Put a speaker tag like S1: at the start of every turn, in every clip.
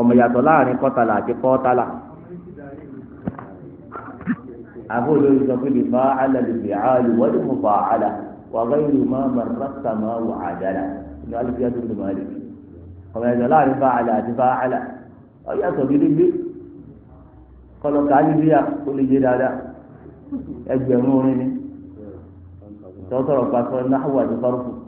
S1: kọmọ yàtọ̀ láàrin kọtàlà àti kọtàlà àbò lórí sọ pé lè fa alàlè fi àlè wọ́n lè mú fa àlà wà gbé ìlú máa ma rásà máa wà àdàlà ní alùpùpù yàtọ̀ lè máa lè yàtọ̀ láàrin fa àlà àti fa àlà ọ yàtọ̀ gidigbe kọlọ kàálí bíyà ó lè yé dáadáa ẹgbẹ̀rún orin ni tọ́sọ̀rọ̀ pàṣẹ náà wà ní fárúkú.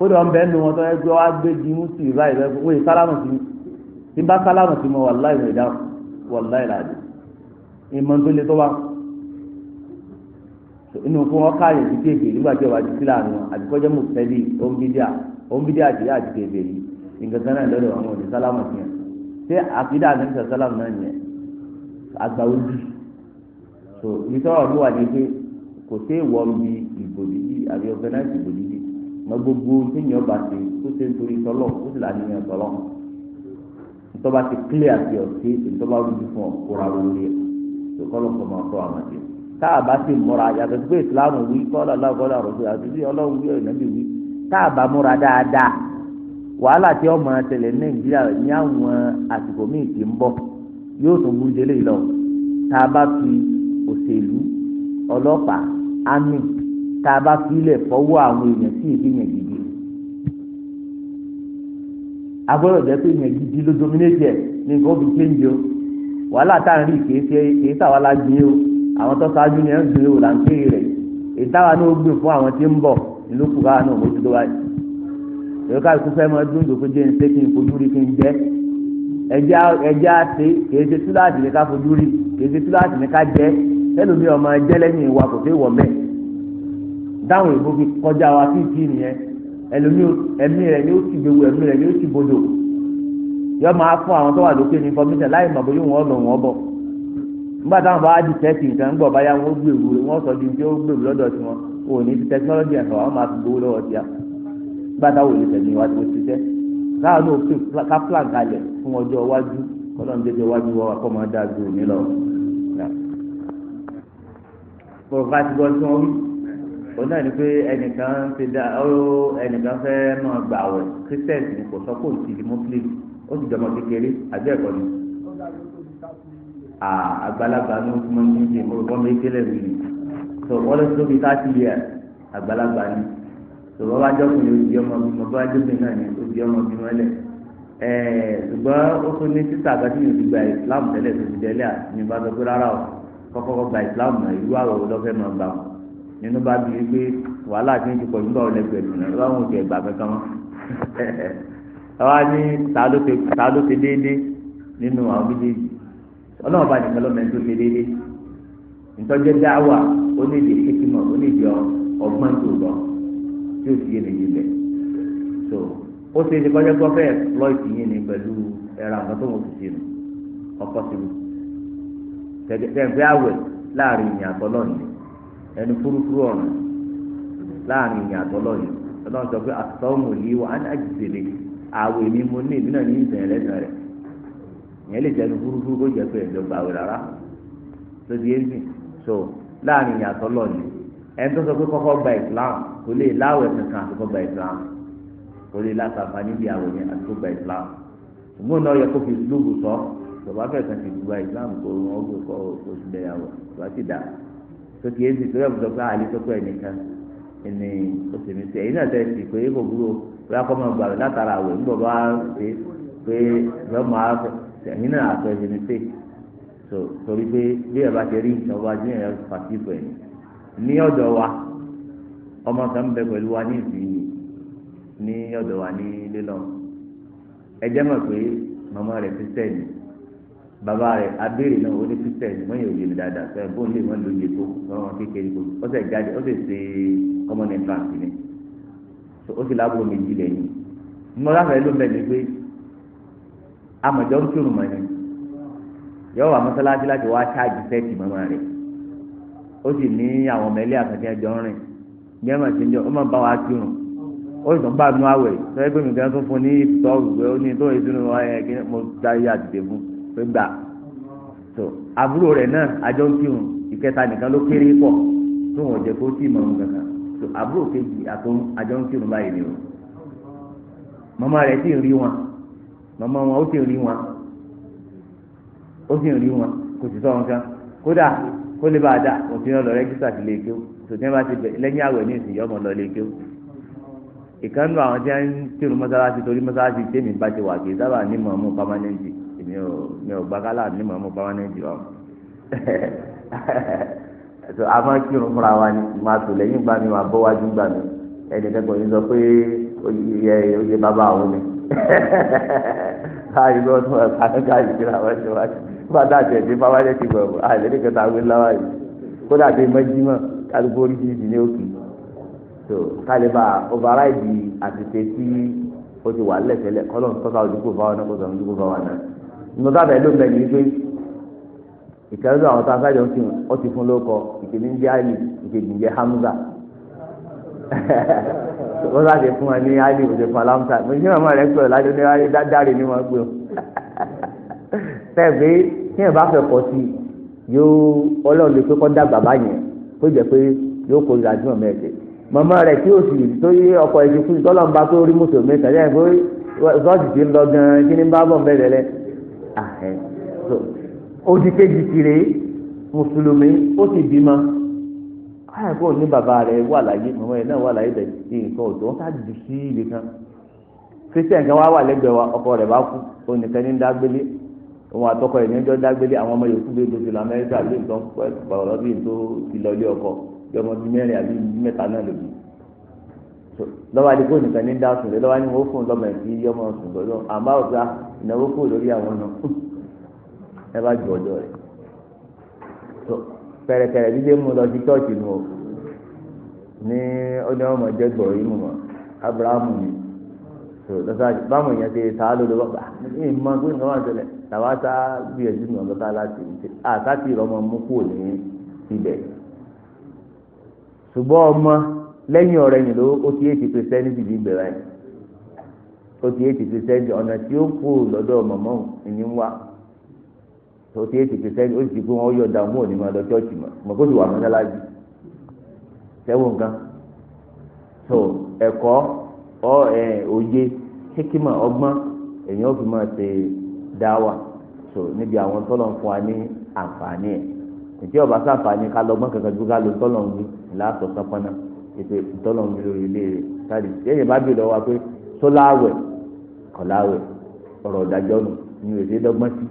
S1: kódà ọ̀n bẹ́ẹ̀ nu wọn tó ẹgbẹ́ wa gbé di mùsùlùmí ìbá ìbá ẹgbẹ́ wọ́n yìí sálámù sí i bá sálámù sí i mọ̀ wàláì wọ̀ ìdáhùn wàláì làdì ìmọ̀ tó le tó wà inú kó wọn káyọ̀ sí kéèké nígbà tí wàá di sílẹ̀ àná àtikọ́jẹ́ mọ̀ fẹ́lí òǹbídíà òǹbídíà ti yá àti kéèké yìí nǹkan kan lọ́dọ̀ àwọn òní sálámù sí yẹn ṣé àkídà àti sálámù náà yẹn àgbà ojú so ìtọ́wọ̀ ló wà ní pé kò sí ìwọ́n bí ìbòdì àbí ọ̀gẹ́náìsì ìbòdì mọ gbogbo téèyàn bá ti tó ṣe ń torí tọlọ ó sì láti yàn tọlọ ntọ́ba ti clear àti ọ̀sẹ̀ ntọ́ba rúbi fún ọ̀kúra lórí ẹ̀ tòkọ́lọ̀ fọmọ ọ̀tọ́ àmàdé táàbà sì múra yàtọ̀ sí pé ìsìláàmù wí kọ́lá aláàbọ̀lá ọ̀rọ̀sọ àti bí ọlọ́run wí ọ̀yìn nàbí wí táàbà múra dáadáa wàhálà tí ọmọ tẹlẹ nàìjíríà ní àwọn àsìkò míì ti ń bọ̀ yóò tún bú délé lọ táàbà fi òṣèlú ọlọ́pàá àmì tá a bá filẹ̀ fọwọ́ àwọn èèyàn sí èdè yẹn gidi agbọ́dọ̀ jẹ́ pé yẹn gidi ló dominate ẹ̀ ní nǹkan fi change o wàhálà tá à ń rí kìí ṣe kìí ṣàwa la gbin o àwọn tó ṣáájú ni ẹ̀ ń gbin o là ń kéré rẹ̀ ìtawà náà ó gbìn fún àwọn tí ń bọ̀ ìlú kùkà náà ó ti tó èrò ká ikú mọ dún dòkó jẹ́ ń ṣe kí n fojú rí kí n jẹ́ ẹjẹ́ àti kìí ṣe túláàtì ní ká fojú rí kìí ṣe túláàtì ní ká jẹ́ ẹlòmíràn máa jẹ́ lẹ́yìn ìwà kò sí ìwọ̀ mẹ́ẹ̀ dáhùn ìbò fi kọjá wa sí ìdí nìyẹn ẹlòmíì ẹmí rẹ ni ó sì gbéwò ẹmí rẹ ni ó sì bodò yọ máa fún àwọn tó wà lókè ní information láì mọ̀ bóyá wọn lọ wọn bọ̀ nígbà táwọn bá di tẹ́tì nǹkan gbọ̀ báyà wọn ó gbèrú wọn sọ di tí ó gbèrú lọ́dọ̀ tí wọn ò ní ti tẹkinọ́lọ́jì ẹ̀fọ́ àwọn máa fi gbowó lọ́wọ́ tí a nígbà táwọn olè tẹ̀lé wa tó ti tẹ́ káwọn náà fi ká plan kalẹ̀ fún ọjọ́ iwájú kọ́lọ́n jẹ́jọ́ iwájú wa kọ́ máa dáa ju òní lọ. Pọ̀rọ̀fà ti gbọ́ tí wọ́n wí ó náà ni pé ẹnìkan ti dá ó ẹnìkan fẹ́ máa gbà wẹ̀ christian ni kò sọ kó o ti di muslim ó ti jọmọ kékeré àbí ẹ̀kọ́ ni ah, àgbàlagbà ní oṣù mọ́ ní ṣe mọ́ mi kélé mi ni so wọ́n lọ tóbi thirty years àgbàlagbà ni so wọ́n bá jọkùnrin ó di ọmọ bímọ bá jọkùnrin náà ni o di ọmọ bímọ lẹ̀ ṣùgbọ́n ó tún ní títà àgbàtí yìí ti gba islam tẹ́lẹ̀ tó ti dẹ́lẹ̀ àti ní bá sọ rárá o kọ́kọ́ gba islam náà irú àwọ̀ lọ́fẹ́ máa gbà wọn nínú bá bi pé wàhálà ti ń ti pọ̀ nígbà wọlé pẹ̀lú náà lọ́wọ́ àwọn òjò ẹ̀gbà kankan mọ́ àwa ní ta ló ṣe déédéé nínú àwọn méjèèjì ọlọ́run bá nìkan lọ́mọ ẹni tó ṣe déédéé ìtọ́jẹ́ dáwà ó ní èdè kékeré ó ní èdè ọgbọ́n tó lọ tí ó sì yé nìyí bẹ̀ so ó ṣe é ṣe kọjá gbọ́fẹ́ floyd yìí ni pẹ̀lú ẹ̀rọ àwọn tó wọ́n ti ṣe nù ọkọ̀ síbi tẹ̀gbẹ́ àwẹ̀ láàrin ìyìn àtọ́lọ́ọ̀nì ẹnu fúrufúru ọ̀nà láàrin ìyìn àtọ́lọ́ yìí ọlọ́run sọ pé àtọ́mù yìí wà á ní àwẹ̀ mi mo ní ìbí ní ìsẹ̀yìn lẹ́sẹ̀ rẹ̀ ìyẹn lè jẹnu fúrufúru kó jẹ pé ẹ̀jọ̀ gbà wẹ̀ rárá tó di éjì so láàrin ìyìn àtọ́lọ́ ẹni tó sọ pé kọ́kọ́ gba Islam kò lè láwẹ̀ kankan àti kọ́ gba Islam kò lè látàfà níbi àwẹ̀ yẹn gba náà gba sókè èsì tó yẹ kó sọ pé àlè tó pẹ́ nìkan ẹni oṣù mi sí ẹ̀yin náà tẹ̀ sí pé kò burú bóyá kọ́ máa gbàgbé látara àwẹ̀ ń bọ̀ bá ṣe pé lọ́mọ ẹ̀yin náà àtọ̀ ẹ̀yin mi torí pé bí ẹ̀ bá ṣe rí nǹkan wá jẹ́ ẹ̀ pàṣẹ ìfọ̀ ẹ̀yìn ní ọ̀dọ̀ wa ọmọ kan bẹ pẹ̀lú wa ní ìsìn ní ọ̀dọ̀ wa ní lílọ́ ẹ jẹ́ mọ̀ pé màmá rẹ̀ fi sẹ́yìn bàbá rẹ̀ abéèrè náà ó ní pípẹ́ ni wọ́n yóò yé mi dáadáa sọ ẹ̀gbọ́n lè wọ́n lóye tó lọ́wọ́ kékeré kò ó sì jáde ó sì ṣe common entrance ni ó sì lábúrò méjì lẹ́yìn mo láfẹ̀ẹ́ ló bẹ̀ mí pé amọ̀jọ́ ń kírun mọ́ ni yọ̀wọ̀ àmọ́sálásí láti wá ṣáàjì sẹ́ẹ̀tì mọ́mọ́ rẹ̀ ó sì ní àwọn ọmọ ilé àkàtì ẹjọ́ rìn gẹ́mà sí ní ọmọ bá wa kírun ó sì tún bá nu àwẹ̀ sọ ẹgbẹ́ mi gan tó fún ní ìtọ́ pé gbà tó àbúrò rẹ̀ náà àjọ ń kírun ìkẹta nìkan ló kéré pọ̀ tó wọn jẹ kó tí ì mọ̀ ọ́n kankan tó àbúrò kejì àtọ́ àjọ ń kírun báyìí ni o màmá rẹ̀ sì ń rí wọn màmá wọn ó sì ń rí wọn ó sì ń rí wọn kò sì sọ wọn kan kódà kó lè bá a dà òfin ọlọ rẹ́gísítà sí lè kéwò tòtẹ́ bá ti bẹ̀ lẹ́yìn àwẹ̀ ní ìsìn yọmọ lọ lè kéwò ìkànnì àwọn tí wọ́n ń tẹ̀rù mọ́sálásí torí mọ́sálásí tẹ̀mí bá ti wà kì í sábà ní mọ̀ọ́mú pámánẹ́ǹtì mi ò mi ò gbàgálà ní màmú báwa ní ìjìlọ ẹtọ a máa kírun fúnra wa ni màá tò lẹ́yìn gbà mí màá bọ wájú gbà mí ẹnì kẹ́kọ̀ọ́ yìí sọ pé oyè oyè bàbá àwọn mi káyìí lọ sọ káyìí káyìí kíra wọn ṣe wájú bàtà àti ẹ̀dín bá wájú ti gbọ̀ àìlè ní kẹta wí láwa yìí kódà bí mẹjìmọ kálukú orí yìí ní òkè tó kálíbà ọbaara ìdí àtẹ̀tẹ̀ tí ó ti wà lẹ́sẹ̀lẹ̀ kọ́lọ́n tọ́ka ojúkò báwọn náà kó sọ ojúkò báwọn náà nínú dábàá ẹ ló mẹ ní pé ìkẹrẹdọ àwọn tá a fẹjọ sí ọ ti fún lóko ìkíní ń jẹ ali ìkejì ń jẹ hamza wọn láti fún ẹ ní ali òde fún alámúta mo ní màmá rẹ pẹ̀lú láti ní ali dáadáa ni wọn gbé o tẹgbẹ tí ẹ bá fẹ́ kọ sí yóò Ọlọ́run lè pé kọ dàgbà báyẹn kó jẹ pé yóò kó ìdájọ́ mẹẹdẹ màmá rẹ tí ó sì tó yé ọkọ ẹsẹ fún ìtọ́lọ́mùbá tó rí mọ́tò mẹ́ta lẹ́yìn pé ṣọ́ọ̀ṣì ti ń lọ gan-an kí ni bá bọ̀ ń bẹ̀rẹ̀ ahẹ́ eh. so odi kejì kiri mùsùlùmí o sì bímọ káyọ̀ ah, kó ní bàbá rẹ̀ wà láyé màmá yẹn náà wà láyé bẹ̀ sí nǹkan ọ̀dọ́ wọn ká jù sí ibi kan kristian kan wá wà lẹ́gbẹ̀ẹ́ wa ọkọ rẹ̀ bá kú onìkan ní dágbélé òun àtọkọ ẹ̀ níjọ́ dágbélé àwọn ọmọ yòókù bẹ́ẹ̀ dojú lọ amẹ́ríkà lé nǹkan pọ̀lọ́ bí tó ti lọ ilé ọkọ bí ọmọ bíi mẹ́rin àbí mẹ́ta náà lòdì lọ́wọ́ adigun onìkan ní dá sùn lé lọ́wọ́ ni wọ́n fún un lọ́mọ ẹ̀ sí yọmọ sùn lọ́dọ̀ àmọ́ ọ̀gá ìnáwó kò lórí àwọn náà ẹ bá jù ọjọ́ rẹ̀ tó pẹ̀rẹ̀pẹ̀rẹ̀ dídé mu lọ sí chọ́ọ̀chì nù o ní ọdún ọmọ jẹ́ gbọ̀rọ̀ yìí abrahamu ni tó lọ́sàájú báwọn èèyàn ṣe sáà lọ́dọ̀ bàbá ní ìmọ̀ pé nǹkan wà ṣẹlẹ̀ làwọn aṣá gbìyànjú nù ọ̀dọ́ta láti ṣe àtàtì ìrọmọ mú kúrò ní ibẹ̀ ṣùgbọ́n ọmọ lẹ́yìn ọ̀rẹ́yìn ló ó ti eighty percent forty eight percent ọ̀nà tí ó kú lọ́dọ̀ mọ̀mọ́ ẹni wá forty eight percent ó sì kú wọn yọ ọ̀dà mọ́ òní máa lọ chọ́ọ̀chì mọ̀ mọ̀ kó sì wà mọ́sálásí sẹ́wọ̀n nǹkan tó ẹ̀kọ́ ọ ẹ̀ òye hekima ọgbọ́n èèyàn fi máa ṣe dáwà tó níbi àwọn tọ́lọ̀ ń fún wa ní àǹfààní ẹ̀ ìdí ọba sáfàáni ká lọ́gbọ́n kankan ju kọ̀láwé ọ̀rọ̀ ìdájọ́ nù ní òsè dọ́gbọ́n sí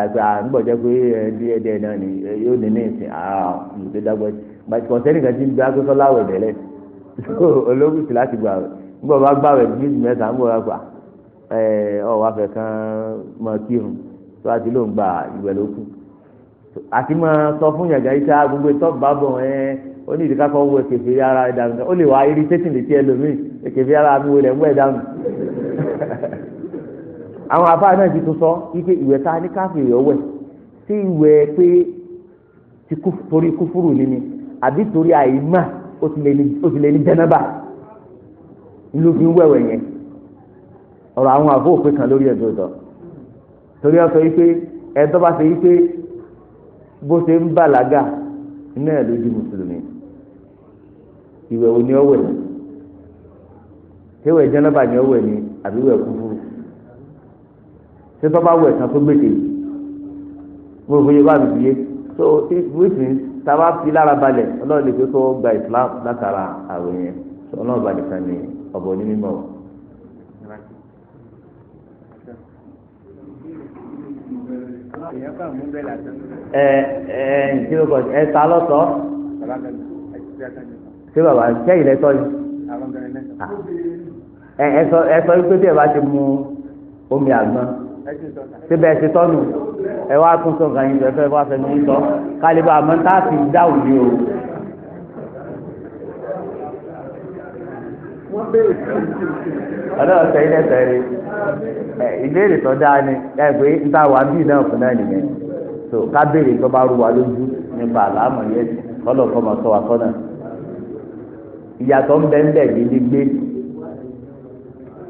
S1: àgbà ńgbọ̀jẹ́ pé ẹdí ẹdí ẹ̀dá ni yóò ní ní ìsìn àà òsè dọ́gbọ́n sí bàtìkọ̀ sẹ́ni kan ti ń gbé agbésọ́ láwẹ̀ bẹ̀rẹ̀ olóògùn sì láti gbà wẹ̀ ńgbọ̀ bá gbà wẹ̀ bí mẹ́ta ńgbọ̀ bá gbà ẹ̀ ọ̀ wá fẹ́ kán mọ kírun tó àti ló ń gbà ìwẹ̀ ló kù àti mọ sọ fún yàgà iṣẹ́ gbogbo ìtọ́ bá bọ̀ ẹ́ ó ní ìdíkà kan wọ kẹfẹ́ ara ẹ̀dá ó lè wá irí tẹ́tìlì tí ẹlòmíì kẹfẹ́ ara mi wọlé ẹ̀gbọ́ ẹ̀dá mi àwọn àbá náà ti tún sọ wípé ìwẹ̀ ta ní káfíìrì ọwẹ́ sí ìwẹ̀ pé torí kúfúrú ni ni àbí torí àìmọ̀ ó ti lè ní jẹ́nẹ́bà ló fi ń wẹ̀wẹ̀ yẹn ọ̀rọ̀ àwọn àbó òpin kan lórí ẹ̀dọ̀ ọ̀dọ̀ torí ọ̀sọ̀ yìí pé ẹ̀dọ́ bá ṣe yìí pé bó ṣe ń bàlágà náà ló di mùsùlùmí ìwẹ̀ òní ọ̀wẹ̀ ṣé ìwẹ̀ jẹ́nẹ́bà ni ọ̀wẹ̀ ni àbí ìwẹ̀ kúfúrú ṣé tó bá wẹ̀ tán tó gbèsè mo fi yé bá mi fi yé so which means tá a bá fi lára balẹ̀ ọlọ́run lè fi kó gba Islam látara àwẹ̀ yẹn so ọlọ́run balẹ̀ kan ní ọ̀bọ̀ ní mímọ́ o. ẹ ẹ ìṣirò kan ẹ ta lọ́tọ̀ ṣé bàbá ṣé ilẹ̀ tọ́ ni ah. ẹ ẹ sọ ẹ sọ wípé bí ẹ bá ti mu omi àgbọn síbẹ̀ ṣe tọ́nu ẹ wá tún sọ nǹkan yín fẹ́ wá fẹ́mi sọ kálíbà mọ́tàkì dáhùn ni o. ọ̀dọ́ ọ̀sẹ̀ ilé ẹ̀sẹ̀ rí ìbéèrè tó dáa ni ẹ pé níta wà bíi náà fún náà nìyẹn tó ká béèrè tó bá rú wa lójú nípa àlámọ̀ yẹn kọ́lọ̀ kọ́mọ sọ wa kọ́nà ìyàtọ̀ ń bẹ́ẹ̀ ń bẹ́ẹ̀ gbé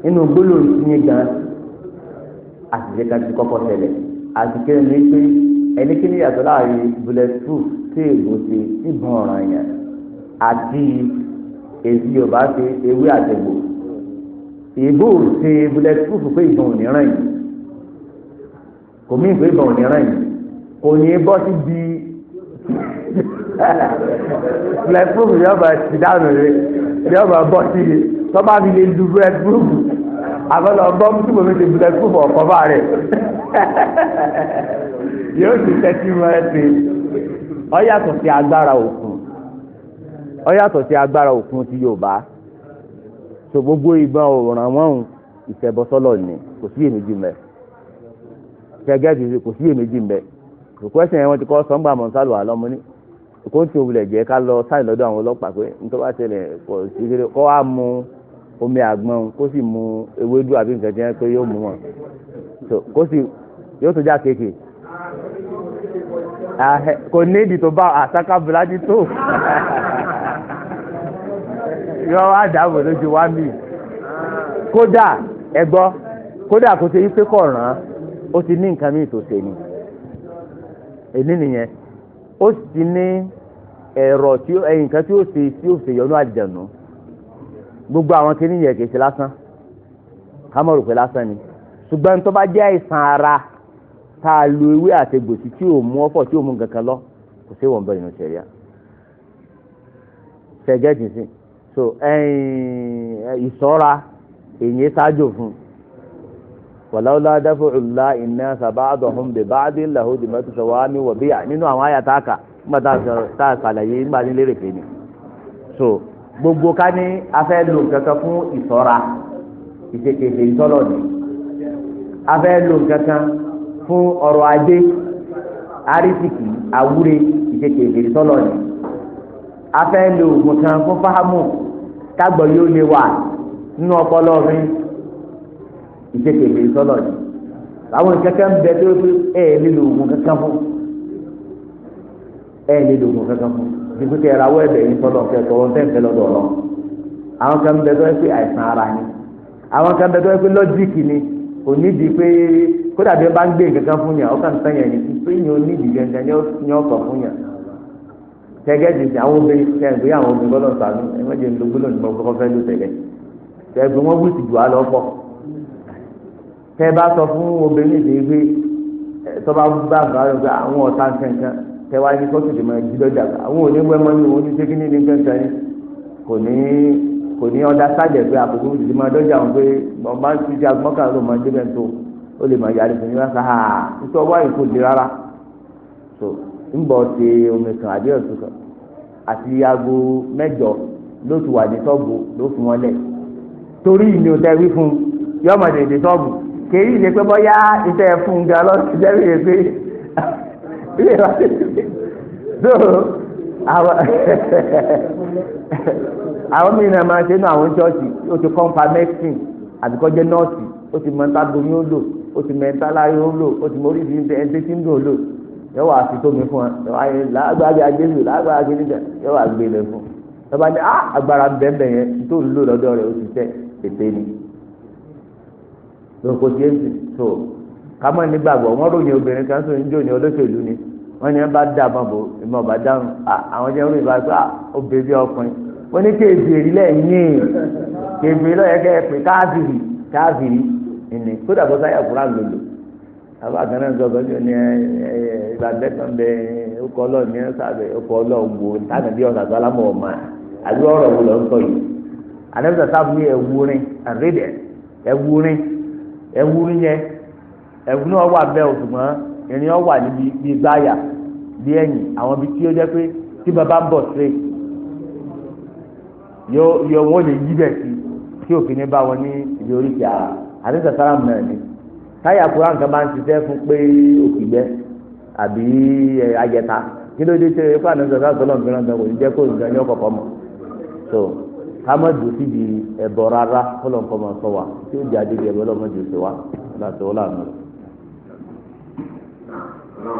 S1: nínú gbólóhùn yín gan àtijọ́ ká ti kọ́kọ́ tẹ̀lẹ̀ àti kí ni pé ẹni kí ni yàtọ̀ láàrin bullet proof tí èbó ṣe tí bọ̀n ọ̀ràn yẹn àti èsì yorùbá ti ewé àtẹ̀gbò ìbò ṣe bullet proof pé ìbọn ò ní ràn yìí kò mí ìpè ìbọn ò ní ràn yìí kò ní bọ́ sí bí bullet yóò bá ti dànù rẹ yóò bá bọ́ sí i tọ́ bá fi lè lu bullet àbọ̀lọ̀ ọgbọ́n tí mo fi ti bulẹ̀ kú fọ̀ ọ̀kọ́ bá rẹ̀ yóò ti tẹ́tí mọ́ ẹ ti ó yàtọ̀ sí agbára òkun ó yàtọ̀ sí agbára òkun ti Yorùbá so gbogbo ìbọn òràn wọn ìṣẹ̀bọ̀sọ́lọ̀ ni kò sí èméjì mẹ́ kẹgẹ́sì kò sí èméjì mẹ́ request yẹn wọ́n ti kọ́ sọ́ngbà mọ̀nsálù àlọ́mú ní kó tí o wulẹ̀ jẹ́ ká lọ sáyìn lọ́dọ̀ àwọn ọlọ́pàá pé nítorí wá ṣẹlẹ̀ kọ́ wá mú un. omi àgbọn kó sì mu ewédú àbí nǹkan tí wọn pé yóò mú wọn kó sì yóò tó já kéèké kò ní ìdí tó bá àsáká bùlájú tó yọ wá dáàbò lójú wá mí kódà ẹ kódà kò ṣe ife kọ̀ ràn án ó ti ní nǹkan míì tó ṣe ni èmi nìyẹn ó sì ní ẹ̀rọ tí nǹkan tí ó ṣe tí ó ṣe yọnú àjẹnú. gbogbo àwọn kìíní yẹn kìí ṣe lásán ká mọ̀ rò pé lásán ni ṣùgbọ́n tó bá jẹ́ àìsàn ara tá a lo ewé àtẹgbòsí tí ò mú ọ̀fọ̀ tí ò mú kankan lọ kò sí wọn bẹ inú sẹríà sẹgẹtì sí so ìṣọ́ra èyí ṣáájú fún wàláwùlá dáfọ̀ọ́lá iná sábà àdọ̀hún bèbá adé làhùn dìmẹ́tò sọ̀wá mi wọ̀ bíyà nínú àwọn àyà tá a kà nígbà tá a ṣàlàyé nígbà nílé rèké ni so gbogbo ká ní afẹ́ lò kankan fún ìṣọ́ra ìṣèkèké ìtọ́lọ́dì afẹ́ lò kankan fún ọrọ̀ ajé arísìkì àwúre ìṣèkèké ìtọ́lọ́dì afẹ́ lò oògùn kan fún fáhámù kágbọ̀ yóò lè wà nínú ọpọlọ mi ìṣèkèké ìtọ́lọ́dì àwọn kankan bẹ tó ẹ ẹ lè lò kankan fún ẹ lè lò kankan fún dùkú kẹ ẹ̀rọ awọ ẹ̀bẹ̀ yìí sọ́dọ̀ kẹ tọrọ tẹ̀ǹtẹ̀ lọ́dọ̀ lọ. àwọn kan bẹ tó ẹ pé àìsàn ara ni àwọn kan bẹ tó ẹ pé ni kò nídìí pé kódà bí ẹ bá ń gbé nǹkan kan fún yàn ọkàn tán yàn ní pé yàn ó nídìí gẹ́gẹ́ ní ọ̀sọ̀ fún yàn. tẹ́gẹ́ ti àwọn obìnrin tẹ́ ẹ̀ pé àwọn obìnrin gbọ́dọ̀ sàánú ẹ mọ̀jẹ̀ ń lo gbọ́dọ̀ ní ọkọ̀ fẹ́ ló tẹ̀lẹ̀ tẹ́ ẹ pé wọ́n jù á lọ pọ̀. bá sọ fún obìnrin ìdè pé tọ́ba bá bá àwọn ọ̀tá nǹkan tẹwàá ní kóòtù lè máa jí lọ́jà àwọn òní wẹ́ mọ́ ní òun ní ní ni kò ní kò ní ọ̀dà sájẹ̀ pé àkókò lè máa dọ́jà òun pé ọba ti di agbọ́nkà ló máa dé tó ó lè máa yàrá ìfúnni wọn so ń bọ̀ ṣe omi kan àbí kan àti aago torí ìní òtẹ́ wí fún yọmọdé ní bọ́yá fún ilé wa ti so àwọn àwọn mìíràn máa ṣe nínú àwọn ṣọ́ọ̀ṣì ó ti kọ́ńpa mẹ́sìn àbíkọ́ jẹ́ nọ́ọ̀sì ó ti mọ̀ntà gbomi ó lò ó ti mọ̀ntà láyé ó lò ó ti mọ̀rí ti ń ẹgbẹ́ tí ń lò lò yọ wà fi tómi fún wa yọ wà yẹ lágbàgbé agbésù lágbàgbé agbésù yọ wà gbé lẹ fún yọ bá ní ah, agbára bẹ́ẹ̀ yẹn tó ń lò lọ́dọ̀ rẹ̀ ó ti tẹ̀ ètè ni lóko tí tó kámọ́ nígbàgbọ́ wọ́n ròyìn obìnrin kan sọ níjó ni olóṣèlú ni wọ́n ní ẹ bá dà mọ́ bò ìmọ̀ bá dáhùn àwọn jẹ́ ròyìn bá sọ obìnrin ọkùnrin wọ́n ní kébìrì lẹ́yìn kébìrì lọ́yẹ̀ kẹ́ ẹ pé káàbìrì káàbìrì ìní kódà bó sáyà kúrà lòlò àbá kan náà sọ̀rọ̀ ní ní ìbàdàn kan bẹ ọkọ̀ ọlọ́ọ̀ni ẹ sábẹ ọkọ̀ ọlọ́ọ̀gbò táwọn bí ọ̀sà sálámù ọ̀ma ẹ̀wù náà wà bẹ́ẹ̀ òṣùgbọ́n ìrìn wà níbi bíi gbáyà bíi ẹ̀yìn àwọn ibi tí ó jẹ́ pé tí bàbá ń bọ̀ sí yóò yóò wọ́n lè yí bẹ̀ sí tí òfin ní bá wọn ní ìdí oríkì ara àti sàtàrà mẹ́rin ni táyà kúrò nǹkan bá ń ṣiṣẹ́ fún pé òkìgbẹ́ àbí ajẹta kí ló dé tẹ ẹ fún àdéhùn sọ̀rọ̀ sọ̀rọ̀ nǹkan náà kò ní jẹ́ kó nǹkan ní ọ̀kọ̀ọ̀kọ̀ mọ̀ so ká má dùn síbi ẹ̀bọ̀ rárá kó lọ́nkọ́ mọ̀ sọ wa tí ó jẹ́ àdébí ẹ̀bọ̀ lọ́mọdé ṣe wa láti ọ̀la nù. but i don't